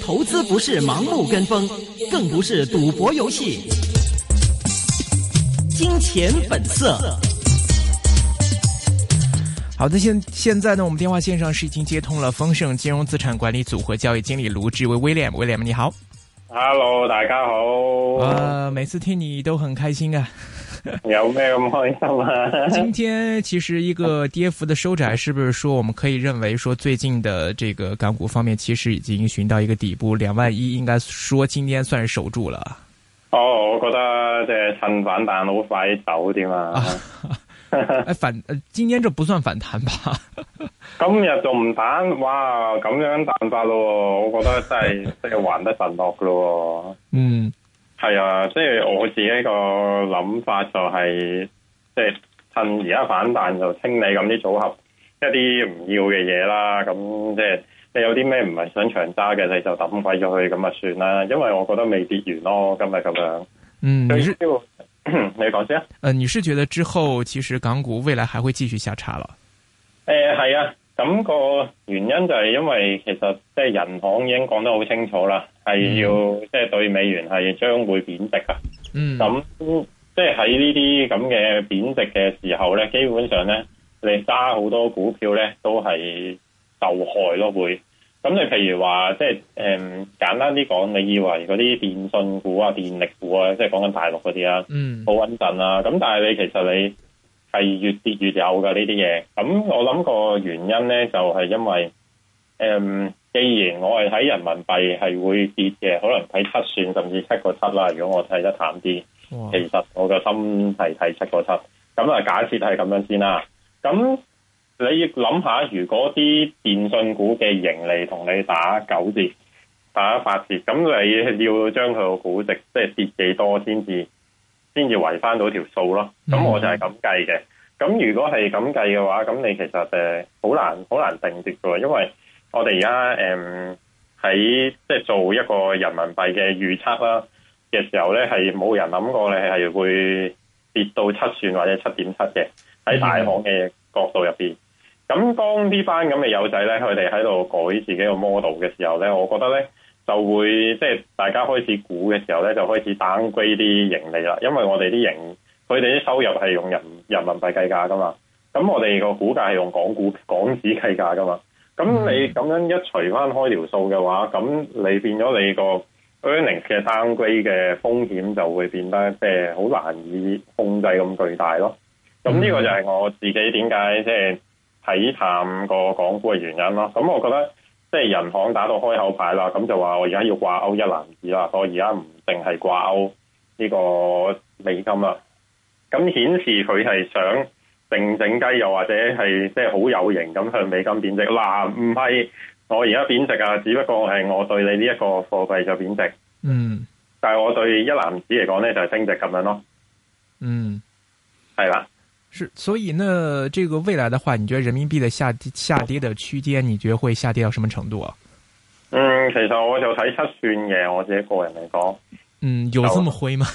投資不是盲目跟風，更不是賭博遊戲。金錢本色。好的，現現在呢，我們電話線上是已經接通了豐盛金融資產管理組合交易經理盧志威 William，William 你好。Hello，大家好。呃，每次聽你都很開心啊。 有咩咁開心啊？ 今天其實一個跌幅嘅收窄，是不是說我們可以認為說最近的這個港股方面其實已經尋到一個底部？兩萬一應該說今天算是守住了。哦，我覺得即係趁反彈好快走啲嘛。誒、啊，反 今天這不算反彈吧？ 今日就唔彈？哇，咁樣彈法咯，我覺得真係真係還得神落噶咯。 嗯。係啊，即、就、係、是、我自己個諗法就係、是，即、就、係、是、趁而家反彈就清理咁啲組合，一啲唔要嘅嘢啦。咁即係，你係有啲咩唔係想長揸嘅，你就抌鬼咗去，咁啊算啦。因為我覺得未跌完咯，今日咁樣。嗯，你是 你講先啊。呃，你是覺得之後其實港股未來還會繼續下叉咯？誒、呃，係啊。咁、那個原因就係因為其實即係人行已經講得好清楚啦，係、嗯、要即係、就是、對美元係將會貶值噶。咁即係喺呢啲咁嘅貶值嘅時候咧，基本上咧你揸好多股票咧都係受害咯，會。咁你譬如話即係誒簡單啲講，你以為嗰啲電信股啊、電力股啊，即係講緊大陸嗰啲啊，好穩陣啦。咁但係你其實你。係越跌越有嘅呢啲嘢，咁我諗個原因呢，就係、是、因為，誒、嗯，既然我係睇人民幣係會跌嘅，可能睇七算甚至七個七啦。如果我睇得淡啲，其實我嘅心係睇七個七。咁啊，假設係咁樣先啦。咁你諗下，如果啲電信股嘅盈利同你打九折、打八折，咁你要將佢嘅估值即係、就是、跌幾多先至？先至圍翻到條數咯，咁我就係咁計嘅。咁如果係咁計嘅話，咁你其實好難好難定奪嘅，因為我哋而家喺即係做一個人民幣嘅預測啦嘅時候咧，係冇人諗過你係會跌到七算或者七點七嘅。喺大行嘅角度入面，咁、嗯、當呢班咁嘅友仔咧，佢哋喺度改自己個 model 嘅時候咧，我覺得咧。就會即係大家開始估嘅時候咧，就開始 downgrade 啲盈利啦。因為我哋啲盈利，佢哋啲收入係用人人民幣計價噶嘛，咁我哋個股價係用港股港紙計價噶嘛。咁你咁樣一除翻開條數嘅話，咁你變咗你個 earnings 嘅 downgrade 嘅風險就會變得即係好難以控制咁巨大咯。咁呢個就係我自己點解即係睇淡個港股嘅原因咯。咁我覺得。即係人行打到開口牌啦，咁就話我而家要掛鈎一籃子啦，所以我而家唔淨係掛鈎呢個美金啦。咁顯示佢係想靜靜雞又或者係即係好有型咁向美金貶值。嗱、啊，唔係我而家貶值啊，只不過係我對你呢一個貨幣就貶值。嗯，但係我對一籃子嚟講咧就係、是、升值咁樣咯。嗯，係啦。是，所以呢，這個未來的話，你覺得人民幣的下跌下跌的區間，你覺得會下跌到什麼程度啊？嗯，其實我就睇七算嘅，我自己個人嚟講。嗯，有這麼灰嗎？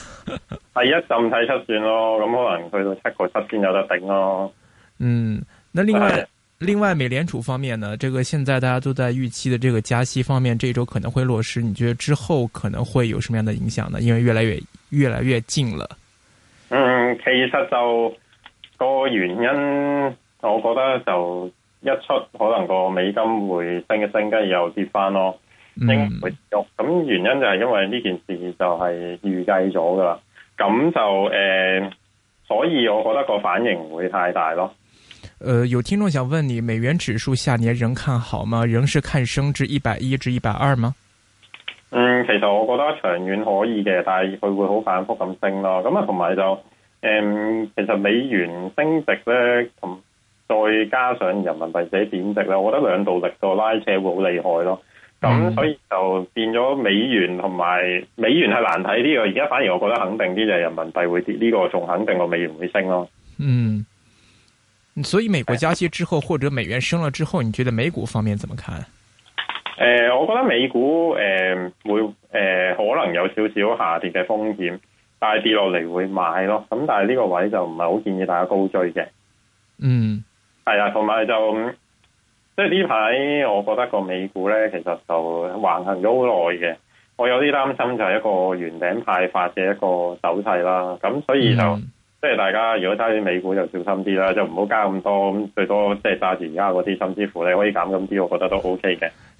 係一陣睇七算咯，咁可能去到七個七先有得頂咯。嗯，那另外另外美聯儲方面呢，這個現在大家都在預期的這個加息方面，這周可能會落實，你覺得之後可能會有什麼樣的影響呢？因為越來越越來越近了。嗯，其實就。個原因，我覺得就一出可能個美金會升一升，跟住又跌翻咯，應該會跌。咁原因就係因為呢件事就係預計咗噶啦，咁就誒、呃，所以我覺得個反應唔會太大咯。誒、呃，有聽眾想問你，美元指數下年仍看好嗎？仍是看升至一百一至一百二嗎？嗯，其實我覺得長遠可以嘅，但係佢會好反覆咁升咯。咁啊，同埋就。誒、嗯，其實美元升值咧，咁再加上人民幣自貶值咧，我覺得兩度力度拉扯會好厲害咯。咁、嗯、所以就變咗美元同埋美元係難睇啲啊。而家反而我覺得肯定啲就係人民幣會跌，呢、這個仲肯定過美元會升咯。嗯，所以美國加息之後、呃，或者美元升咗之後，你覺得美股方面怎麼看？誒、呃，我覺得美股誒、呃、會誒、呃、可能有少少下跌嘅風險。大跌落嚟會買咯，咁但係呢個位就唔係好建議大家高追嘅。嗯，係啊，同埋就即係呢排，我覺得個美股咧其實就橫行咗好耐嘅，我有啲擔心就係一個圓頂派發嘅一個走勢啦。咁所以就即係、嗯、大家如果揸啲美股就小心啲啦，就唔好加咁多，最多即係揸住而家嗰啲，甚至乎你可以減咁啲，我覺得都 O K 嘅。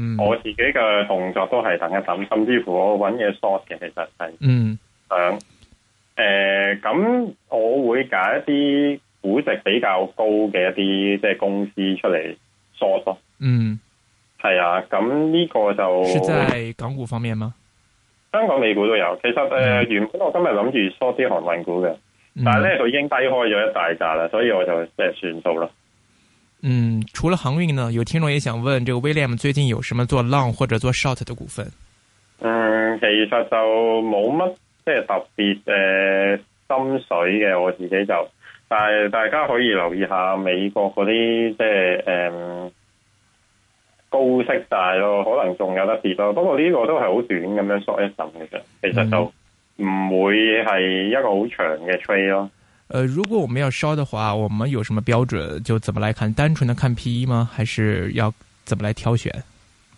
嗯、我自己嘅動作都係等一等，甚至乎我揾嘢 short 嘅，其實係，想，誒、嗯，咁、呃、我會揀一啲估值比較高嘅一啲即係公司出嚟 short 咯。嗯，係啊，咁呢個就，即係港股方面嗎？香港、美股都有。其實誒、呃嗯，原本我今日諗住 short 啲航運股嘅、嗯，但係咧佢已經低開咗一大格啦，所以我就即係算數咯。嗯，除了航運呢，有聽眾也想問，這個 William 最近有什麼做 long 或者做 short 的股份？嗯，其實就冇乜即係特別誒、呃、心水嘅，我自己就但係大家可以留意下美國嗰啲即係誒高息債咯，可能仲有得跌咯。不過呢個都係好短咁樣 short 一陣，其實其實就唔會係一個好長嘅 trade 咯。呃，如果我們要燒的話，我們有什麼標準？就怎麼來看？單純的看 P/E 嗎？還是要怎麼來挑選？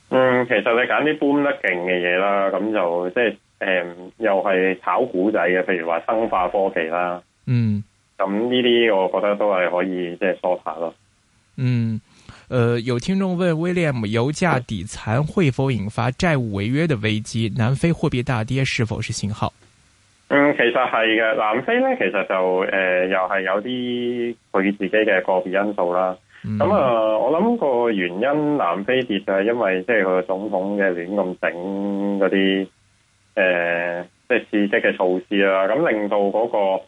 嗯，其實你揀啲搬得勁嘅嘢啦，咁就即係誒，又係炒股仔嘅，譬如話生化科技啦，嗯，咁呢啲我覺得都係可以即係燒下咯。嗯，呃，有聽眾問 William，油價底殘會否引發債務違約的危機？南非貨幣大跌是否是信號？嗯，其實係嘅。南非咧，其實就誒、呃，又係有啲佢自己嘅個別因素啦。咁、嗯、啊、呃，我諗個原因，南非跌就係因為即係佢嘅總統嘅亂咁整嗰啲誒，即係刺激嘅措施啦。咁令到嗰、那個誒、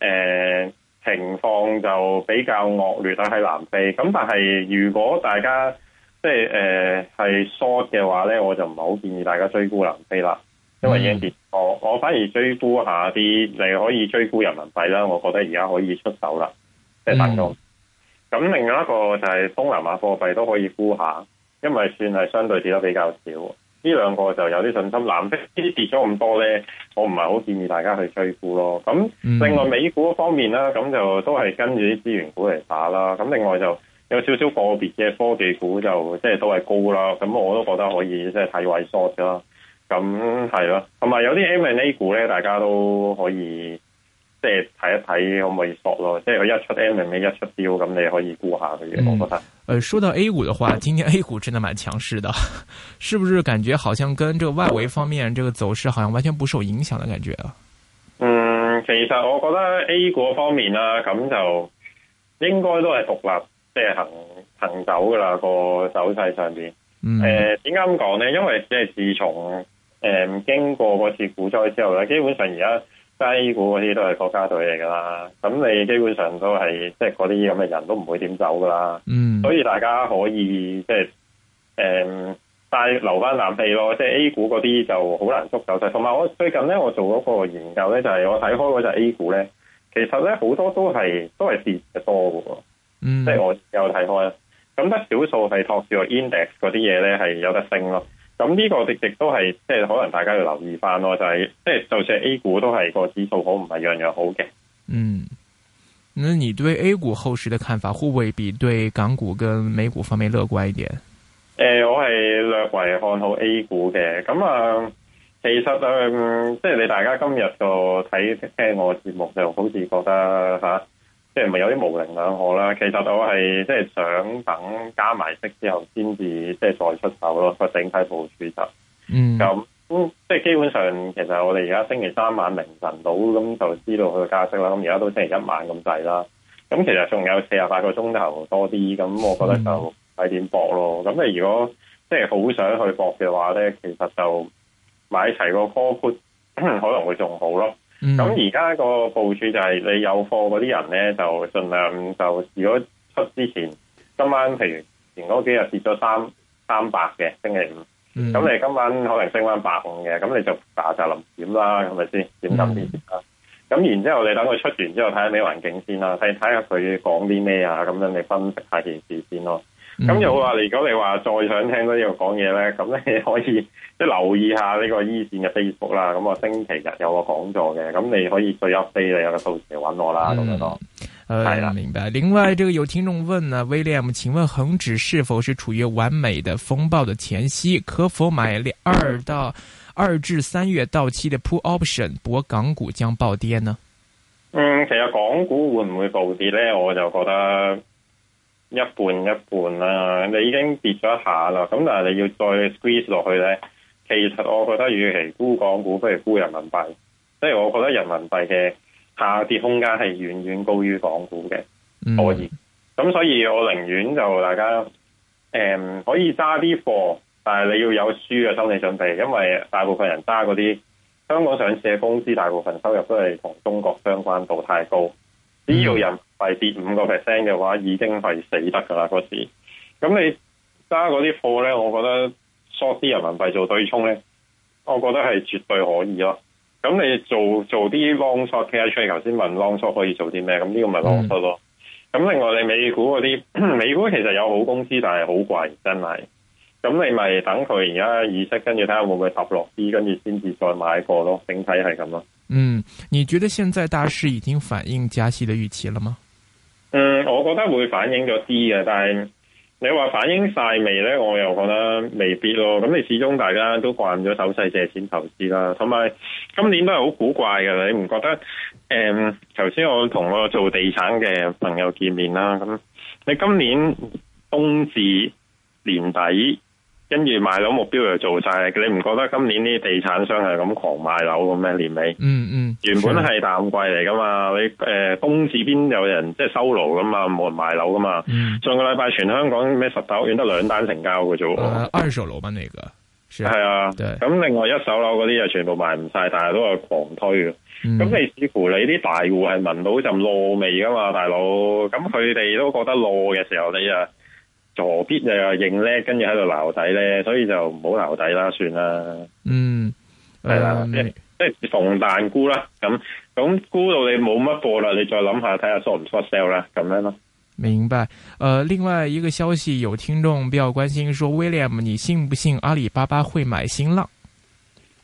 呃、情況就比較惡劣啊，喺南非。咁但係如果大家即係誒係、呃、short 嘅話咧，我就唔係好建議大家追沽南非啦。因為已經跌，我、嗯、我反而追沽下啲，你可以追沽人民幣啦。我覺得而家可以出手啦，即係等個。咁、嗯、另外一個就係東南亞貨幣都可以沽一下，因為算係相對跌得比較少。呢兩個就有啲信心。藍色呢啲跌咗咁多咧，我唔係好建議大家去追沽咯。咁另外美股方面啦，咁就都係跟住啲資源股嚟打啦。咁另外就有少少個別嘅科技股就即係都係高啦。咁我都覺得可以，即係睇位 short 啦咁係咯，同埋有啲 A A 股咧，大家都可以即係睇一睇可唔可以 short 咯，即係佢一出 A 零一出標咁，你可以估下佢嘅。我覺得，誒，說到 A 股的話，今天 A 股真係蠻強勢的， 是不是？感覺好像跟這個外圍方面，這個走勢好像完全不受影響的感覺啊。嗯，其實我覺得 A 股方面啦，咁就應該都係獨立，即係行行走噶啦個走勢上邊。誒、呃，點解咁講咧？因為即係自從誒、嗯，經過嗰次股災之後咧，基本上而家 A 股嗰啲都係國家隊嚟噶啦，咁你基本上都係即係嗰啲咁嘅人都唔會點走噶啦，嗯，所以大家可以即係誒，帶、就是嗯、留翻啖氣咯，即係 A 股嗰啲就好難捉走晒。同埋我最近咧，我做嗰個研究咧，就係我睇開嗰隻 A 股咧，其實咧好多都係都係跌嘅多噶喎，嗯，即係我有睇開啦，咁得少數係托住個 index 嗰啲嘢咧係有得升咯。咁呢個直直都係，即係可能大家要留意翻咯，就係即係，就算 A 股都係個指數好，唔係樣樣好嘅。嗯，那你對 A 股後市嘅看法，會唔會比對港股跟美股方面樂觀一點？誒、呃，我係略為看好 A 股嘅。咁啊，其實啊、嗯，即係你大家今日就睇聽我節目，就好似覺得吓。啊即係咪有啲模棱兩可啦？其實我係即係想等加埋息之後先至即係再出手咯，再整體部署就。嗯。咁咁即係基本上，其實我哋而家星期三晚凌晨到咁就知道佢嘅加息啦。咁而家都星期一晚咁滯啦。咁其實仲有四十八個鐘頭多啲。咁我覺得就睇點搏咯。咁、嗯、你如果即係好想去搏嘅話咧，其實就買齊個科幅可能會仲好咯。咁而家個部署就係你有貨嗰啲人咧，就盡量就如果出之前，今晚譬如前嗰幾日跌咗三三百嘅星期五，咁、嗯、你今晚可能升翻百五嘅，咁你就打就臨點啦，咁咪先？點諗先？咁然之後你等佢出完之後睇下咩環境先啦，睇睇下佢講啲咩啊，咁樣你分析下件事先咯。咁又話如果你話再想聽到呢個講嘢咧，咁你可以即係留意一下呢個依、e、線嘅 Facebook 啦。咁啊，星期日有個講座嘅，咁你可以最 update 你有個數字嚟揾我啦咁樣咯。係、嗯、啦、嗯嗯，明白。另外，這個有聽眾問呢、啊、，William，請問恒指是否是處於完美的風暴的前夕？可否買二到二至三月到期的 put option？博港股將暴跌呢？嗯，其實港股會唔會暴跌呢？我就覺得。一半一半啦、啊，你已經跌咗一下啦，咁但係你要再 squeeze 落去咧，其實我覺得，與其沽港股，不如沽人民幣，即、就、係、是、我覺得人民幣嘅下跌空間係遠遠高於港股嘅，可以。咁、嗯、所以，我寧願就大家誒、嗯、可以揸啲貨，但係你要有輸嘅心理準備，因為大部分人揸嗰啲香港上市嘅公司，大部分收入都係同中國相關度太高，只、嗯、要、這個、人。係跌五個 percent 嘅話，已經係死得噶啦嗰時。咁你揸嗰啲貨咧，我覺得 short 啲人民幣做對沖咧，我覺得係絕對可以咯。咁你做做啲 long short 嘅出嚟，頭先問 long short 可以做啲咩？咁呢個咪 long short 咯。咁、嗯、另外你美股嗰啲，美股其實有好公司，但係好貴，真係。咁你咪等佢而家意識，跟住睇下會唔會踏落啲，跟住先至再買過咯。整體係咁咯。嗯，你覺得現在大市已經反映加息嘅預期喇嗎？嗯，我覺得會反映咗啲嘅，但係你話反映晒未呢？我又覺得未必咯。咁你始終大家都慣咗手勢借錢投資啦，同埋今年都係好古怪㗎。你唔覺得？誒、嗯，頭先我同我做地產嘅朋友見面啦，咁你今年冬至年底。跟住賣樓目標又做晒，你唔覺得今年啲地產商係咁狂賣樓咁咩？年尾，嗯嗯，原本係淡季嚟噶嘛，你誒，冬至、呃、邊邊有人即係收樓噶嘛，冇人賣樓噶嘛、嗯。上個禮拜全香港咩十大屋苑得兩單成交嘅啫、呃。二手樓嘛，嚟、那個係啊，咁另外一手樓嗰啲又全部賣唔晒，但係都係狂推嘅。咁、嗯、你似乎你啲大戶係聞到一陣落味噶嘛，大佬。咁佢哋都覺得落嘅時候你啊。何必又認叻，跟住喺度留底咧？所以就唔好留底啦，算啦。嗯，係啦、嗯，即係逢彈沽啦。咁咁沽到你冇乜貨啦，你再諗下睇下 short 唔 short sell 啦，咁樣咯。明白。誒、呃，另外一個消息有聽眾比較關心，說 William，你信唔信阿里巴巴會買新浪？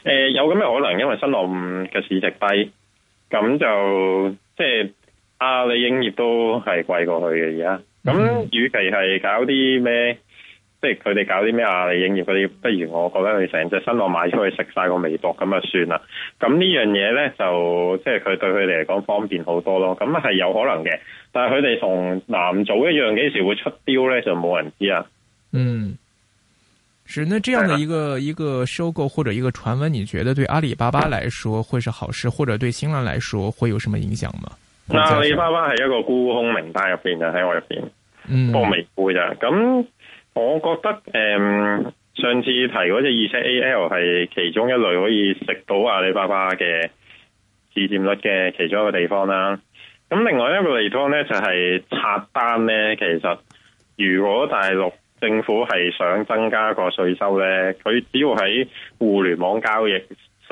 誒、呃，有咁嘅可能，因為新浪嘅市值低，咁就即係阿里影業都係貴過佢嘅而家。咁、嗯，與、嗯、其係搞啲咩，即係佢哋搞啲咩阿里影業嗰啲，不如我覺得佢成隻新浪賣出去食晒個微博咁啊算啦。咁呢樣嘢咧就即係佢對佢哋嚟講方便好多咯。咁係有可能嘅，但係佢哋同南早一樣，幾時會出標咧？就冇人知啊。嗯，是。那這樣的一個的一個收購或者一個傳聞，你覺得對阿里巴巴來說會是好事，或者對新浪來說會有什麼影響嗎？阿里巴巴係一個沽空名單入邊喺我入邊，我未沽咋。咁、嗯、我覺得誒、嗯，上次提嗰隻二車 A L 係其中一類可以食到阿里巴巴嘅自佔率嘅其中一個地方啦。咁另外一個地方咧就係、是、拆單咧。其實如果大陸政府係想增加個稅收咧，佢只要喺互聯網交易。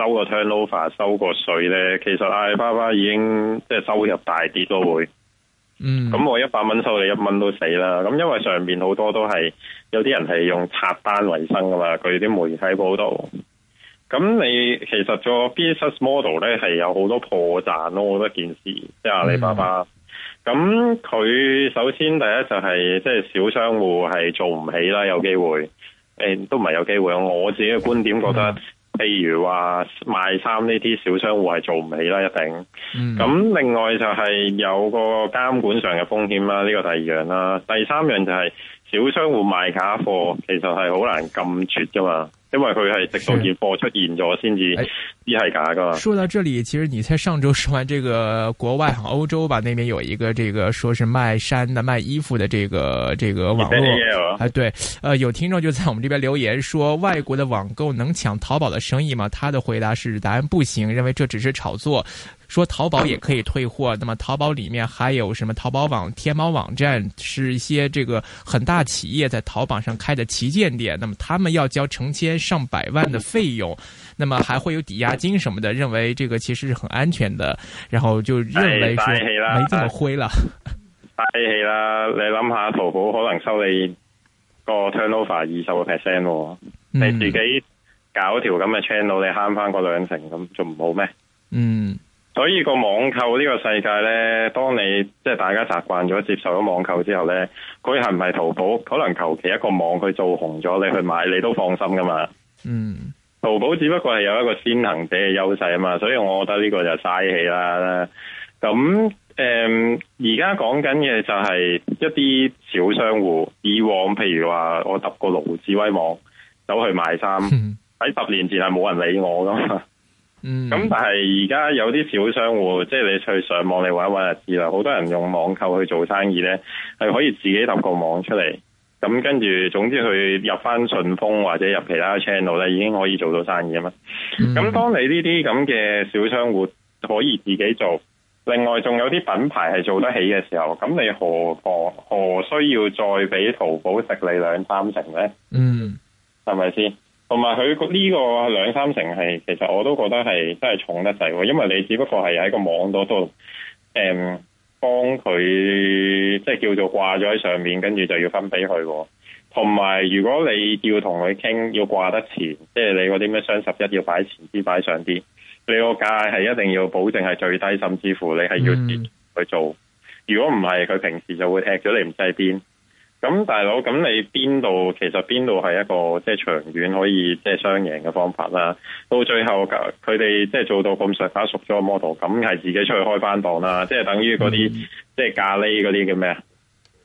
收個 turnover 收個稅咧，其實阿里巴巴已經即係收入大跌都會，咁、嗯、我一百蚊收你一蚊都死啦。咁因為上面好多都係有啲人係用刷單為生噶嘛，佢啲媒體報道。咁你其實做 business model 咧係有好多破綻咯，我覺得件事即係阿里巴巴。咁、嗯、佢首先第一就係即係小商戶係做唔起啦，有機會誒、欸、都唔係有機會。我自己嘅觀點覺得。嗯譬如話賣衫呢啲小商戶係做唔起啦，一定。咁另外就係有個監管上嘅風險啦，呢個第二樣啦。第三樣就係。小商戶賣假貨，其實係好難禁絕噶嘛，因為佢係直到件貨出現咗先至，啲係假噶嘛。說到這裏，其實你喺上周說完這個國外歐洲吧，那邊有一個這個說是賣衫的、賣衣服的這個這個網絡，啊，對，呃，有聽眾就在我們這邊留言說，外國的網購能搶淘寶的生意嗎？他的回答是，答案不行，認為這只是炒作。說淘寶也可以退貨，那麼淘寶裡面還有什麼淘寶網、天貓網站，是一些這個很大企業在淘寶上開的旗艦店，那麼他們要交成千上百萬的費用，那麼還會有抵押金什麼的，認為這個其實是很安全的，然後就認為說沒這麼灰了，了。大器啦，你諗下淘寶可能收你個 turnover 二十個 percent，你自己搞條咁嘅 channel，你慳翻個兩成，咁仲唔好咩？嗯。所以個網購呢個世界呢，當你即係大家習慣咗接受咗網購之後呢，佢係唔係淘寶？可能求其一個網佢做紅咗，你去買你都放心噶嘛。嗯，淘寶只不過係有一個先行者嘅優勢啊嘛。所以我覺得呢個就嘥氣啦。咁誒，而家講緊嘅就係一啲小商戶，以往譬如話我揼個盧志威網走去賣衫，喺十年前係冇人理我噶嘛。嗯，咁但係而家有啲小商戶，即係你去上網玩一玩就知啦，好多人用網購去做生意咧，係可以自己搭個網出嚟，咁跟住總之去入翻順豐或者入其他 channel 咧，已經可以做到生意啊嘛。咁，嗯，當你呢啲咁嘅小商戶可以自己做，另外仲有啲品牌係做得起嘅時候，咁你何何何需要再俾淘寶食你兩三成咧？嗯，係咪先？同埋佢呢個兩三成係，其實我都覺得係真係重得滯喎，因為你只不過係喺個網度度，誒、嗯、幫佢即係叫做掛咗喺上面，跟住就要分俾佢。同埋如果你要同佢傾，要掛得前，即係你嗰啲咩雙十一要擺前啲，擺上啲，你個價係一定要保證係最低之，甚至乎你係要接佢做。如果唔係，佢平時就會踢咗你，唔知邊。咁大佬，咁你邊度？其實邊度係一個即係長遠可以即係雙贏嘅方法啦。到最後佢哋即係做到咁上下熟咗個摩托，咁係自己出去開翻檔啦。即係等於嗰啲即係咖喱嗰啲叫咩啊？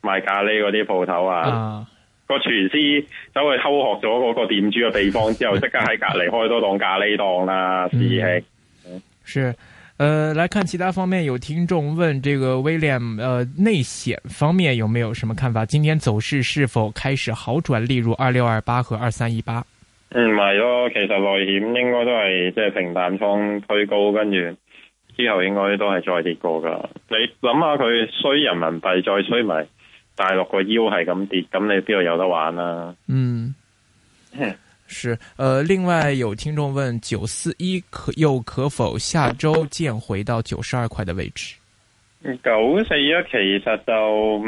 賣咖喱嗰啲鋪頭啊，個、啊、廚師走去偷學咗嗰個店主嘅地方之後，即刻喺隔籬開多檔咖喱檔啦。師、嗯、兄，呃，來看其他方面，有聽眾問這個 William，呃，內險方面有沒有什麼看法？今天走勢是否開始好轉，例如2628和2318？嗯？例如二六二八和二三一八。唔係咯，其實內險應該都係即係平淡倉推高，跟住之後應該都係再跌過噶。你諗下佢衰人民幣再衰埋，大陸個腰係咁跌，咁你邊度有得玩啦，啊？嗯。 是，呃，另外有聽眾問九四一可又可否下周見回到九十二塊的位置？九四一其實就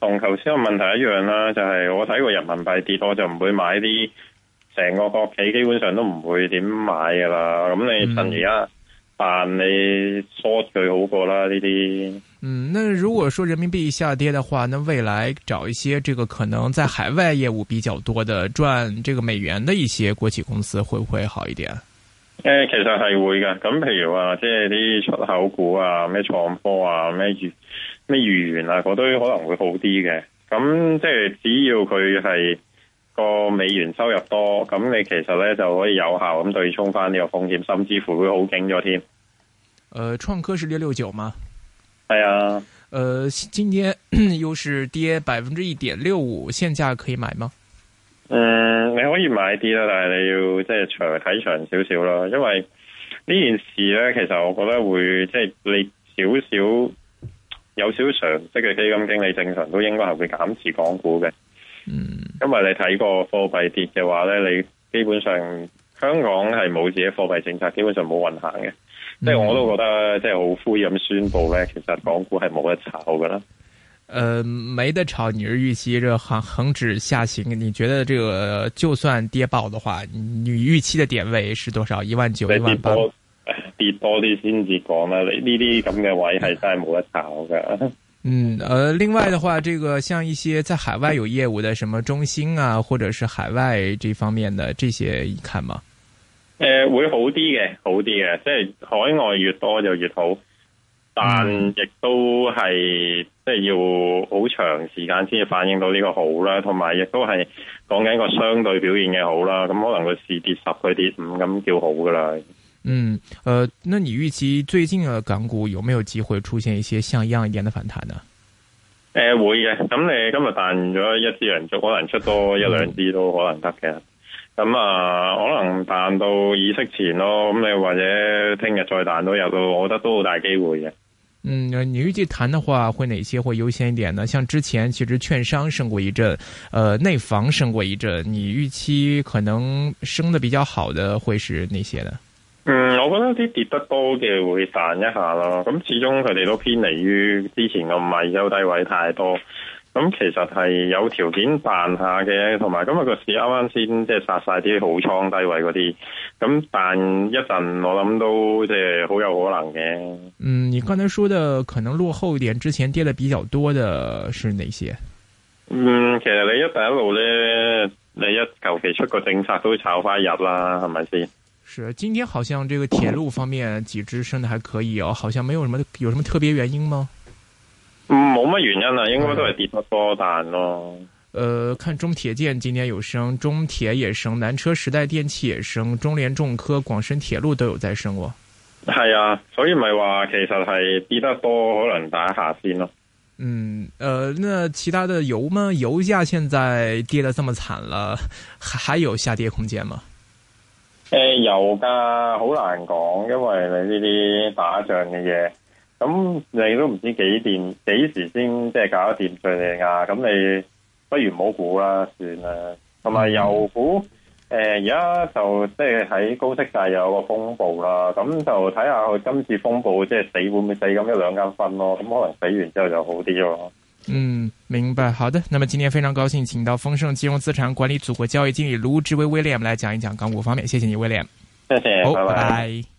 同頭先個問題一樣啦，就係、是、我睇過人民幣跌我就唔會買啲成個國企，基本上都唔會點買噶啦。咁你趁而家扮你 short 佢好過啦呢啲。這些嗯，那如果說人民幣下跌的話，那未來找一些這個可能在海外業務比較多的賺這個美元的一些國企公司，會不會好一點？誒、呃，其實係會噶，咁譬如話，即係啲出口股啊，咩創科啊，咩咩美元啊，嗰堆可能會好啲嘅。咁即係只要佢係個美元收入多，咁你其實咧就可以有效咁對沖翻呢個風險，甚至乎會好勁咗添。誒、呃，創科是六六九嗎？係啊，誒、呃，今天又是跌百分之一點六五，現價可以買嗎？嗯，你可以買啲啦，但係你要即係長睇長少少啦，因為呢件事咧，其實我覺得會即係、就是、你少少有少常識嘅基金經理正常都應該係會減持港股嘅。嗯，因為你睇過貨幣跌嘅話咧，你基本上香港係冇自己貨幣政策，基本上冇運行嘅。即、嗯、係我都覺得，即係好灰咁宣布咧。其實港股係冇得炒噶啦。呃，冇得炒，你係預期呢個恒指下行。你覺得呢、這個就算跌爆的話，你預期的點位是多少？一萬九、一萬八？跌多啲先至講啦。你呢啲咁嘅位係真係冇得炒噶。嗯，呃，另外嘅話，這個像一些在海外有業務嘅，什麼中興啊，或者是海外這方面的這些，你看嗎？誒、呃，會好啲嘅，好啲嘅，即係海外越多就越好，但亦都係即係要好長時間先反映到呢個好啦，同埋亦都係講緊一個相對表現嘅好啦。咁可能佢市跌十，佢跌五咁叫好噶啦。嗯，誒、呃，那你預期最近嘅港股有沒有機會出現一些像樣一點的反彈呢？誒、呃，會嘅。咁你今日彈咗一支，人就可能出多一兩支都可能得嘅。咁啊，可能彈到議息前咯，咁你或者聽日再彈都有咯，我覺得都好大機會嘅。嗯，你預計彈嘅話，會哪些會優先一點呢？像之前其實券商升過一陣，誒、呃，內房升過一陣，你預期可能升得比較好的會是哪些呢？嗯，我覺得啲跌得多嘅會彈一下咯，咁始終佢哋都偏離於之前嘅唔係優低位太多。咁其實係有條件彈下嘅，同埋今日個市啱啱先即係殺晒啲好倉低位嗰啲，咁彈一陣我諗都即係好有可能嘅。嗯，你剛才說的可能落後一點，之前跌得比較多的是哪些？嗯，其實你一帶一路咧，你一求其出個政策都會炒翻入啦，係咪先？是，今天好像這個鐵路方面幾支升得還可以哦，好像沒有什麼，有什麼特別原因嗎？冇乜原因啊，應該都係跌得多但咯、哦。誒、嗯，看中鐵建今年有升，中鐵也升，南車、時代電氣也升，中聯重科、廣深鐵路都有在升喎、哦。係啊，所以咪話其實係跌得多，可能打一下先咯。嗯，誒、呃，那其他的油嘛，油價現在跌得這麼慘了，還還有下跌空間嗎？誒、呃，油價好難講，因為你呢啲打仗嘅嘢。咁、嗯、你都唔知幾點幾時先即係搞得掂敘利亞，咁你不如冇估啦，算啦。同埋油股，誒而家就即係喺高息債有個風暴啦，咁就睇下今次風暴即係死會唔會死咁一兩間分咯，咁可能死完之後就好啲咯。嗯，明白，好的。那麼今天非常高興，請到豐盛金融資產管理組合交易經理盧志威 William 來講一講港股方面，謝謝你，William。謝謝，拜拜。Bye bye bye bye